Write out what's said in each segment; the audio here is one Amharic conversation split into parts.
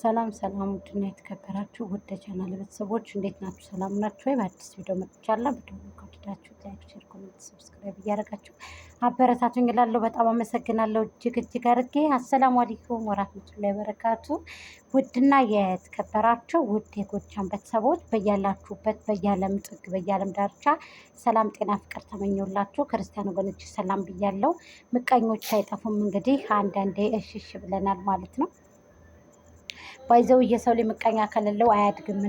ሰላም ሰላም፣ ውድና የተከበራችሁ ውድ ቻናል ቤተሰቦች እንዴት ናችሁ? ሰላም ናችሁ ወይ? በአዲስ ቪዲዮ መጥቻለሁ። ቪዲዮ ከወደዳችሁ ላይክ፣ ሼር፣ ኮሜንት፣ ሰብስክራይብ እያደረጋችሁ አበረታቱኝ እላለሁ። በጣም አመሰግናለሁ እጅግ እጅግ አድርጌ። አሰላሙ አለይኩም ወራህመቱላሂ ወበረካቱ። ውድና የተከበራችሁ ውድ የጎጃም ቤተሰቦች በያላችሁበት በያለም ጥግ በያለም ዳርቻ ሰላም፣ ጤና፣ ፍቅር ተመኘሁላችሁ። ክርስቲያን ወገኖች ሰላም ብያለሁ። ምቀኞች አይጠፉም። እንግዲህ አንዳንዴ እሽሽ ብለናል ማለት ነው ባይዘው የሰው ላይ ምቀኛ ከሌለው አያድግም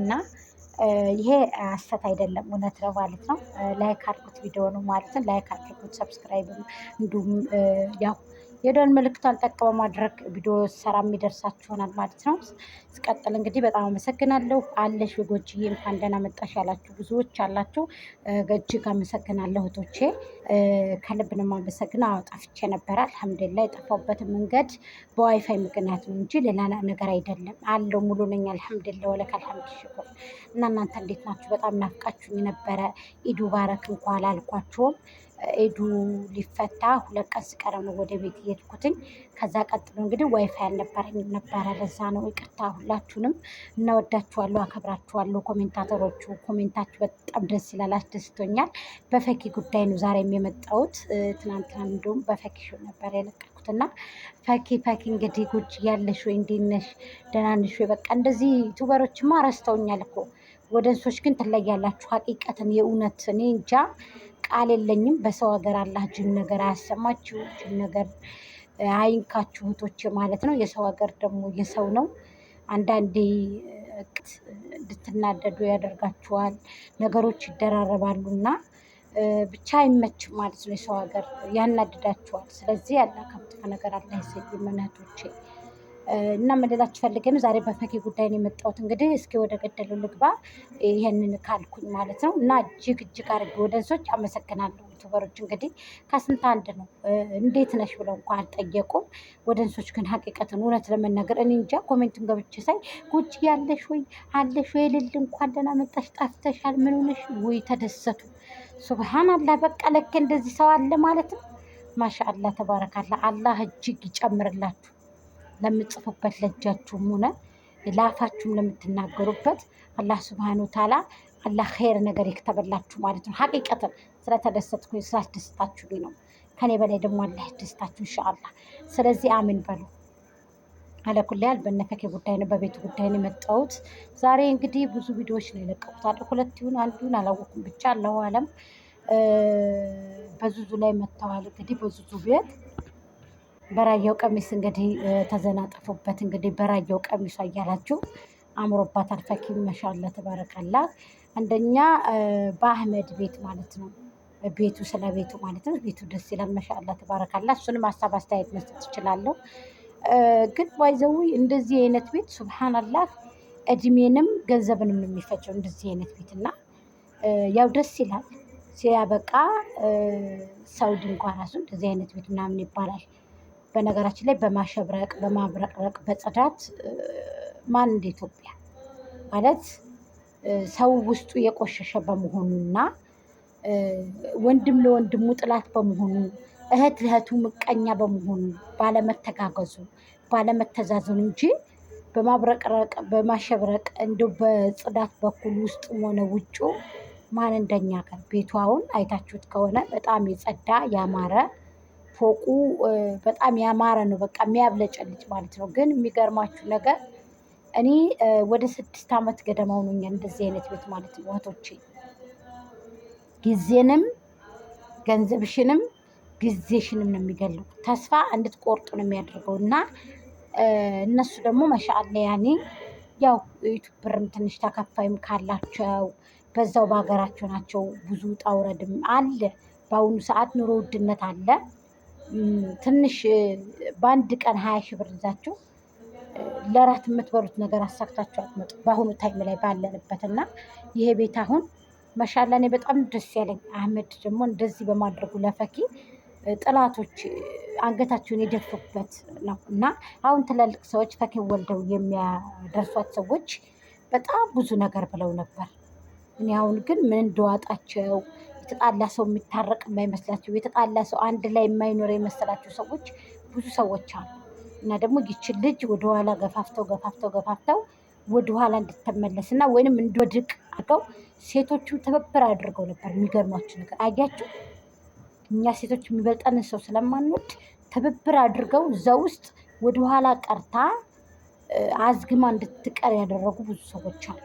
ይሄ አሰት አይደለም፣ እውነት ነው ማለት ነው። ላይክ አድርጉት ቪዲዮ ነው ማለት ነው። ላይክ አድርጉት፣ ሰብስክራይብ እንዲሁም ያው የደወል ምልክቷን ጠቅ በማድረግ ቪዲዮ ሰራ የሚደርሳችሁ ይሆናል ማለት ነው። ስቀጥል እንግዲህ በጣም አመሰግናለሁ። አለሽ ጎጅዬ እንኳን ደህና መጣሽ ያላችሁ ብዙዎች አላችሁ። እጅግ አመሰግናለሁ እህቶቼ። ከልብ ነው የማመሰግነው። አዎ ነበረ። አልሐምዱሊላህ የጠፋሁበት መንገድ በዋይፋይ ምክንያት ነው እንጂ ሌላ ነገር አይደለም። አለው ሙሉ ነኝ። አልሐምዱሊላህ ወለክ አልሐምድ ሽኩር። እና እናንተ እንዴት ናችሁ? በጣም ናፍቃችሁኝ ነበረ። ኢዱ ባረክ እንኳ አላልኳችሁም። ኢዱ ሊፈታ ሁለት ቀን ሲቀረ ነው ወደ ቤት እየሄድኩትኝ ከዛ ቀጥሎ እንግዲህ ዋይፋይ አልነበረኝም ነበረ። ለዛ ነው ይቅርታ። ሁላችሁንም እናወዳችኋለሁ፣ አከብራችኋለሁ። ኮሜንታተሮቹ ኮሜንታችሁ በጣም ደስ ይላል፣ አስደስቶኛል። በፈኪ ጉዳይ ነው ዛሬም የመጣሁት። ትናንትና እንዲሁም በፈኪ ነበር እና ፈኪ ፈኪ እንግዲህ ጉጅ ያለሽ ወይ እንዴት ነሽ? ደህና ነሽ ወይ? በቃ እንደዚህ ዩቱበሮችማ ረስተውኛል እኮ ወደ እንሶች ግን ትለያላችሁ። ሀቂቀትን የእውነት እኔ እንጃ ቃል የለኝም። በሰው ሀገር አላህ ጅን ነገር አያሰማችሁ ጅን ነገር አይንካችሁ እህቶች ማለት ነው። የሰው ሀገር ደግሞ የሰው ነው። አንዳንዴ እንድትናደዱ ያደርጋችኋል። ነገሮች ይደራረባሉ እና ብቻ አይመችም ማለት ነው። የሰው ሀገር ያናድዳችኋል። ስለዚህ ያላከብት ነገር አላይሰይም እህቶቼ። እና መደላችሁ ፈልገን ዛሬ በፈኪ ጉዳይ ነው የመጣሁት። እንግዲህ እስኪ ወደ ገደሉ ልግባ ይህንን ካልኩኝ ማለት ነው። እና እጅግ እጅግ አድርጌ ወደ እንሶች አመሰግናለሁ። ዩቱበሮች እንግዲህ ከስንት አንድ ነው። እንዴት ነሽ ብለው እንኳ አልጠየቁም። ወደ እንሶች ግን ሀቂቀትን እውነት ለመናገር እኔ እንጃ ኮሜንቱን ገብቼ ሳይ ጉጭ ያለሽ ወይ አለሽ ወይ ልል እንኳን ደህና መጣሽ ጠፍተሻል፣ ምን ሆነሽ ወይ ተደሰቱ። ሱብሃን አላህ በቃ ለክ እንደዚህ ሰው አለ ማለት ነው። ማሻ አላህ ተባረካላ። አላህ እጅግ ይጨምርላችሁ። ለምትጽፉበት ለእጃችሁም ሆነ ለአፋችሁም ለምትናገሩበት አላህ ስብሃነ ወተዓላ አላህ ኸይር ነገር ይክተበላችሁ ማለት ነው። ሀቂቀትን ስለተደሰትኩኝ ስላስደስታችሁ ነው። ከኔ በላይ ደግሞ አላህ ያስደስታችሁ ኢንሻአላህ። ስለዚህ አሚን በሉ። አለኩላያል በነፈኬ ጉዳይ ነው፣ በቤቱ ጉዳይ ነው የመጣሁት ዛሬ። እንግዲህ ብዙ ቪዲዮዎች ነው የለቀቁት፣ አንድ ሁለት ይሁን አንዱን አላወኩም፣ ብቻ አለው አለም በዙዙ ላይ መጥተዋል። እንግዲህ በዙዙ ቤት በራያው ቀሚስ እንግዲህ ተዘናጠፉበት። እንግዲህ በራያው ቀሚሷ እያላችሁ አምሮባታል። ፈኪ መሻለ ትባረካላ። አንደኛ በአህመድ ቤት ማለት ነው ቤቱ ስለ ቤቱ ማለት ነው። ቤቱ ደስ ይላል። መሻላ ተባረካላ። እሱንም ሀሳብ አስተያየት መስጠት ይችላለሁ። ግን ዋይዘዊ እንደዚህ አይነት ቤት ሱብሃናላህ እድሜንም ገንዘብንም የሚፈጨው እንደዚህ አይነት ቤት እና ያው ደስ ይላል። ሲያበቃ ሰው ድንኳ ራሱ እንደዚህ አይነት ቤት ምናምን ይባላል። በነገራችን ላይ በማሸብረቅ በማብረቅረቅ በጽዳት ማን እንደ ኢትዮጵያ ማለት ሰው ውስጡ የቆሸሸ በመሆኑና ወንድም ለወንድሙ ጥላት በመሆኑ እህት ለእህቱ ምቀኛ በመሆኑ ባለመተጋገዙ ባለመተዛዘኑ እንጂ በማብረቅረቅ በማሸብረቅ እንደ በጽዳት በኩል ውስጥ ሆነ ውጩ ማን እንደኛ ቤቷውን አይታችሁት ከሆነ በጣም የጸዳ ያማረ ፎቁ በጣም ያማረ ነው፣ በቃ የሚያብለጨልጭ ማለት ነው። ግን የሚገርማችሁ ነገር እኔ ወደ ስድስት ዓመት ገደማ ሆኖኛል እንደዚህ አይነት ቤት ማለት ነው እህቶቼ። ጊዜንም ገንዘብሽንም ጊዜሽንም ነው የሚገለው። ተስፋ እንድትቆርጡ ነው የሚያደርገው እና እነሱ ደግሞ መሻአላ ያኔ ያው ዩቱብርም ትንሽ ተከፋይም ካላቸው በዛው በሀገራቸው ናቸው። ብዙ ውጣ ውረድም አለ። በአሁኑ ሰዓት ኑሮ ውድነት አለ። ትንሽ በአንድ ቀን ሀያ ሺህ ብር ይዛችሁ ለራት የምትበሉት ነገር አሳክታችሁ አትመጡ። በአሁኑ ታይም ላይ ባለንበት እና ይሄ ቤት አሁን መሻላ እኔ በጣም ደስ ያለኝ አህመድ ደግሞ እንደዚህ በማድረጉ ለፈኪ ጥላቶች አንገታቸውን የደፉበት ነው እና አሁን ትላልቅ ሰዎች ፈኪን ወልደው የሚያደርሷት ሰዎች በጣም ብዙ ነገር ብለው ነበር። እኔ አሁን ግን ምን እንደዋጣቸው የተጣላ ሰው የሚታረቅ የማይመስላቸው የተጣላ ሰው አንድ ላይ የማይኖር የመሰላቸው ሰዎች ብዙ ሰዎች አሉ። እና ደግሞ ይችን ልጅ ወደኋላ ገፋፍተው ገፋፍተው ገፋፍተው ወደኋላ እንድትመለስ እና ወይንም እንድወድቅ አድርገው ሴቶቹ ትብብር አድርገው ነበር። የሚገርማችሁ ነገር አያችሁ፣ እኛ ሴቶች የሚበልጠንን ሰው ስለማንወድ ትብብር አድርገው እዛ ውስጥ ወደኋላ ቀርታ አዝግማ እንድትቀር ያደረጉ ብዙ ሰዎች አሉ።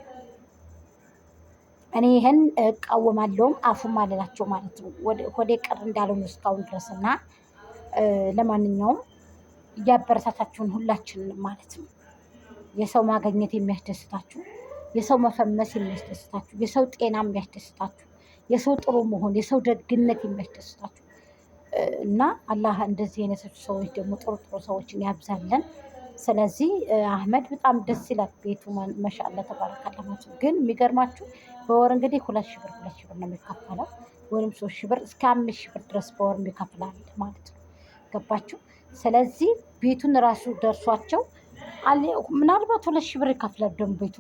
እኔ ይህን እቃወማለሁም አፉም አልላቸው ማለት ነው። ወደ ቀር እንዳልሆኑ እስካሁን ድረስ እና ለማንኛውም እያበረታታችሁን ሁላችን ማለት ነው። የሰው ማገኘት የሚያስደስታችሁ፣ የሰው መፈመስ የሚያስደስታችሁ፣ የሰው ጤና የሚያስደስታችሁ፣ የሰው ጥሩ መሆን፣ የሰው ደግነት የሚያስደስታችሁ እና አላህ እንደዚህ አይነቶች ሰዎች ደግሞ ጥሩ ጥሩ ሰዎችን ያብዛለን። ስለዚህ አህመድ በጣም ደስ ይላል ቤቱ መሻላ ተባረካላማቸው። ግን የሚገርማችሁ በወር እንግዲህ ሁለት ሺህ ብር ሁለት ሺህ ብር ነው የሚከፈለው ወይም ሶስት ሺህ ብር እስከ አምስት ሺህ ብር ድረስ በወር የሚከፍላል ማለት ነው። ገባችሁ? ስለዚህ ቤቱን ራሱ ደርሷቸው ምናልባት ሁለት ሺህ ብር ይከፍላል ደግሞ ቤቱ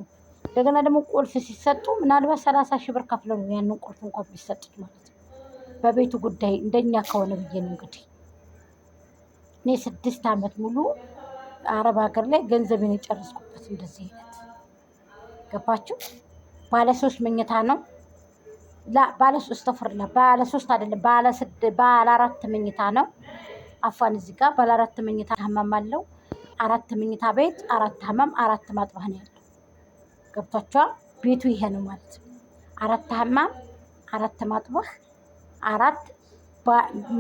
እንደገና ደግሞ ቁልፍ ሲሰጡ ምናልባት ሰላሳ ሺህ ብር ከፍለው ነው ያንን ቁልፍ እንኳን ቢሰጡት ማለት ነው። በቤቱ ጉዳይ እንደኛ ከሆነ ብዬ ነው እንግዲህ እኔ ስድስት ዓመት ሙሉ አረብ ሀገር ላይ ገንዘብን የጨረስኩበት እንደዚህ አይነት ገባችሁ። ባለ ሶስት መኝታ ነው። ባለ ሶስት ተፈርላ ባለ ሶስት አይደለም ባለ ስድ ባለ አራት መኝታ ነው። አፋን እዚህ ጋር ባለ አራት መኝታ ህመም አለው። አራት መኝታ ቤት አራት ህመም አራት ማጥባህ ነው ያለው። ቤቱ ይሄ ነው ማለት ነው። አራት ህመም አራት ማጥባህ አራት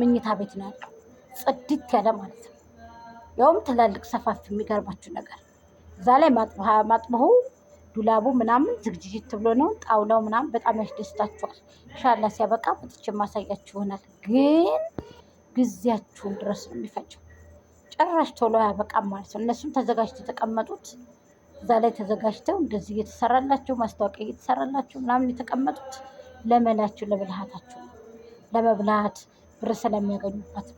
መኝታ ቤት ነው ያለው። ጽድት ያለ ማለት ነው። ያውም ትላልቅ ሰፋፊ የሚገርባችሁ ነገር እዛ ላይ ማጥበሁ ዱላቡ ምናምን ዝግጅት ብሎ ነው። ጣውላው ምናምን በጣም ያስደስታችኋል። ሻላ ሲያበቃ በጥቼ ማሳያችሁ ይሆናል። ግን ጊዜያችሁን ድረስ ነው የሚፈጀው። ጭራሽ ቶሎ ያበቃም ማለት ነው። እነሱም ተዘጋጅተው የተቀመጡት እዛ ላይ ተዘጋጅተው እንደዚህ እየተሰራላቸው ማስታወቂያ እየተሰራላቸው ምናምን የተቀመጡት ለመላችሁ ለብልሃታችሁ ለመብላት ብር ስለሚያገኙበት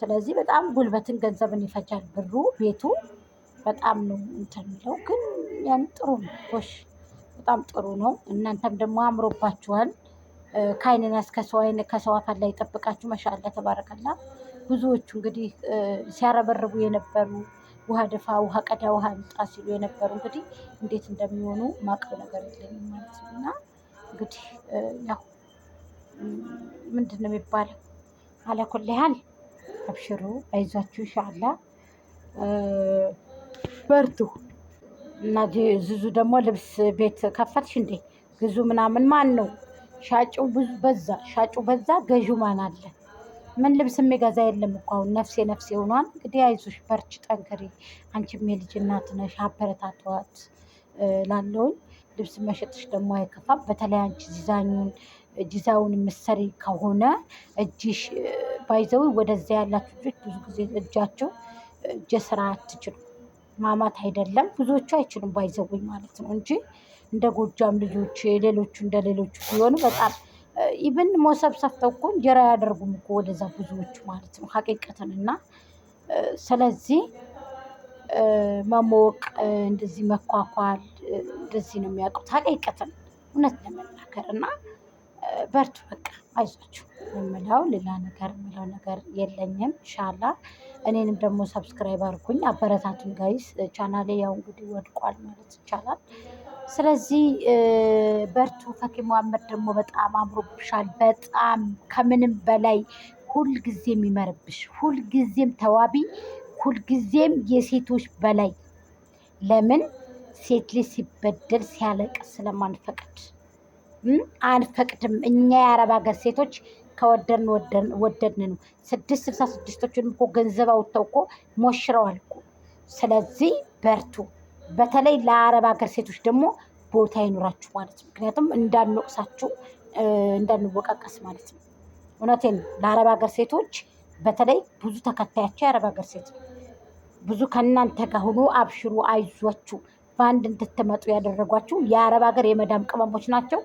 ስለዚህ በጣም ጉልበትን ገንዘብን ይፈጃል። ብሩ ቤቱ በጣም ነው እንትን የሚለው ግን ያን ጥሩ ነው ጎሽ፣ በጣም ጥሩ ነው። እናንተም ደግሞ አምሮባችኋል። ከአይንን ያስከሰው አይን ከሰው አፈር ላይ ይጠብቃችሁ። መሻላ ተባረከላ። ብዙዎቹ እንግዲህ ሲያረበርቡ የነበሩ ውሃ ደፋ፣ ውሃ ቀዳ፣ ውሃ ምጣ ሲሉ የነበሩ እንግዲህ እንዴት እንደሚሆኑ ማቀው ነገር የለኝም ማለት ነው እና እንግዲህ ያው ምንድን ነው የሚባለው አለኩልሃል አብሽሩ፣ አይዟችሁ፣ ሻላ በርቱ እና ዝዙ ደግሞ ልብስ ቤት ከፈትሽ እንዴ ግዙ ምናምን ማን ነው ሻጩ? ብዙ በዛ፣ ሻጩ በዛ፣ ገዢው ማን አለ? ምን ልብስ የሚገዛ የለም እኮ አሁን። ነፍሴ ነፍሴ ሆኗል። እንግዲህ አይዞሽ፣ በርች፣ ጠንክሪ። አንቺም የልጅ እናት ነሽ፣ አበረታቷት ላለውኝ ልብስ መሸጥሽ ደግሞ አይከፋም። በተለይ አንቺ ዲዛይኑን ዲዛውን ምሰሪ ከሆነ እጅሽ ባይዘው ወደዚያ ያላችሁ ልጆች ብዙ ጊዜ እጃቸው እጀ ስራ አትችሉ ማማት አይደለም ብዙዎቹ አይችሉም ባይዘውኝ ማለት ነው እንጂ እንደ ጎጃም ልጆች ሌሎቹ እንደ ሌሎቹ ሲሆኑ በጣም ኢብን ሞሰብ ሰፍተው እኮ እንጀራ ያደርጉም እኮ ወደዛ ብዙዎቹ ማለት ነው ሀቂቀትን እና ስለዚህ መሞቅ እንደዚህ መኳኳል እንደዚህ ነው የሚያውቁት ሀቂቀትን እውነት ለመናገር እና በርቱ፣ በቃ አይዟችሁ የምለው ሌላ ነገር የምለው ነገር የለኝም። ሻላ እኔንም ደግሞ ሰብስክራይብ አድርጉኝ፣ አበረታቱን ጋይስ። ቻናሌ ያው እንግዲህ ወድቋል ማለት ይቻላል። ስለዚህ በርቱ። ፈኪ መሐመድ ደግሞ በጣም አምሮብሻል፣ በጣም ከምንም በላይ ሁልጊዜም ይመርብሽ። ሁልጊዜም ተዋቢ፣ ሁልጊዜም የሴቶች በላይ። ለምን ሴት ልጅ ሲበደል ሲያለቅ ስለማንፈቅድ አንፈቅድም። እኛ የአረብ ሀገር ሴቶች ከወደድን ወደድን ነው። ስድስት ስልሳ ስድስቶችን እኮ ገንዘብ አውጥተው እኮ ሞሽረዋል እኮ። ስለዚህ በርቱ። በተለይ ለአረብ ሀገር ሴቶች ደግሞ ቦታ ይኑራችሁ ማለት ነው። ምክንያቱም እንዳንወቅሳችሁ እንዳንወቃቀስ ማለት ነው። እውነቴን ለአረብ ሀገር ሴቶች በተለይ ብዙ ተከታያቸው የአረብ ሀገር ሴት ብዙ ከእናንተ ጋር ሆኖ አብሽሩ፣ አይዟችሁ በአንድ እንድትመጡ ያደረጓችሁ የአረብ ሀገር የመዳም ቅመሞች ናቸው።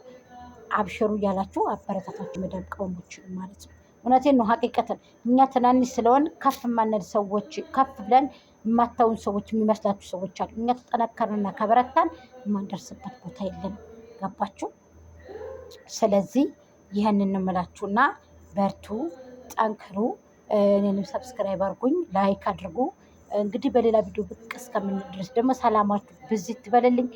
አብሽሩ እያላችሁ አበረታታችሁ መዳም ቀውሞች ማለት ነው። እውነቴን ነው፣ ሀቂቀትን እኛ ትናንሽ ስለሆን ከፍ የማንል ሰዎች ከፍ ብለን የማታውን ሰዎች የሚመስላችሁ ሰዎች አሉ። እኛ ተጠነከርንና ከበረታን የማንደርስበት ቦታ የለም። ገባችሁ? ስለዚህ ይህንን እንምላችሁና በርቱ፣ ጠንክሩ። እኔንም ሰብስክራይብ አድርጉኝ፣ ላይክ አድርጉ። እንግዲህ በሌላ ቪዲዮ ብቅ እስከምንድረስ ደግሞ ሰላማችሁ ብዚህ ትበልልኝ።